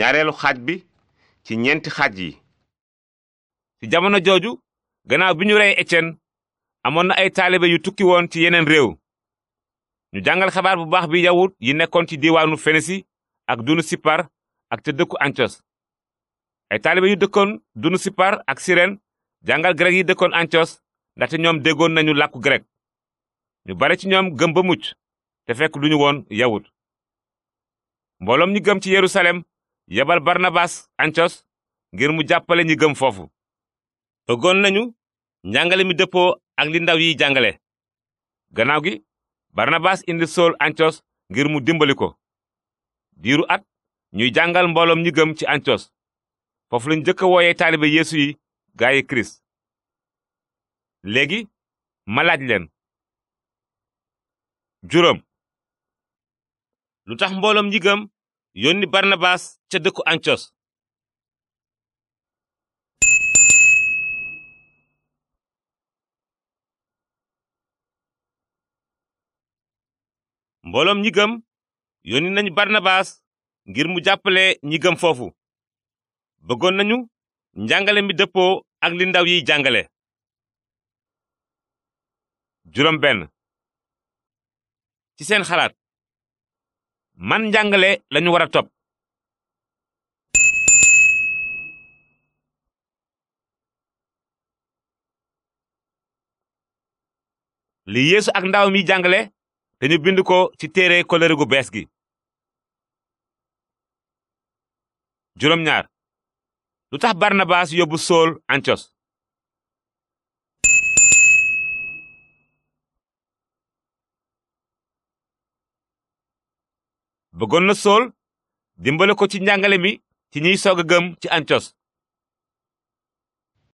ñaareelu xaaj bi ci ñeenti xaaj yi ci jamono jooju ganaaw bi ñu rey Étienne amoon na ay taalibe yu tukki woon ci yeneen réew ñu jàngal xabaar bu baax bi yawut yi nekkoon ci diiwaanu Fenisi ak dunu Sipar ak ca dëkku Antiyos ay taalibe yu dëkkoon dunu Sipar ak Siren jàngal grek yi dëkkoon Antiyos ndaxte ñoom déggoon nañu làkku grek ñu bare ci ñoom gëm ba mucc te fekk duñu woon yawut mbooloom ñi gëm ci Yerusalem yebal barnabaas ancos ngir mu jàppale ñi gëm foofu ëggoon nañu njàngale mi dëppoo ak li ndaw yiy jàngale gannaaw gi barnabaas indi sool ancos ngir mu dimbali ko diiru at ñuy jàngal mbooloom ñi gëm ci ancos foofu lañu jëkk a wooyee taalibe yeesu yi gaayi kirist léegi malaaj laaj leen juróom lu tax yónni barnabaas ca dëkku ancos mbooloom ñi gëm yónni nañu barnabaas ngir mu jàppale ñi gëm foofu bëggoon nañu njàngale mi dëppoo ak li ndaw yiy jàngale juróom ci seen xalaat man njàngale lañu war a topp li yéesu ak ndaw mi jàngale dañu bind ko ci téere kolëre gu bees gi juróom ñaar lu tax barnabaas yóbbu sool antios bëggoon na sool dimbale ko ci njàngale mi ci ñiy soog a gëm ci antios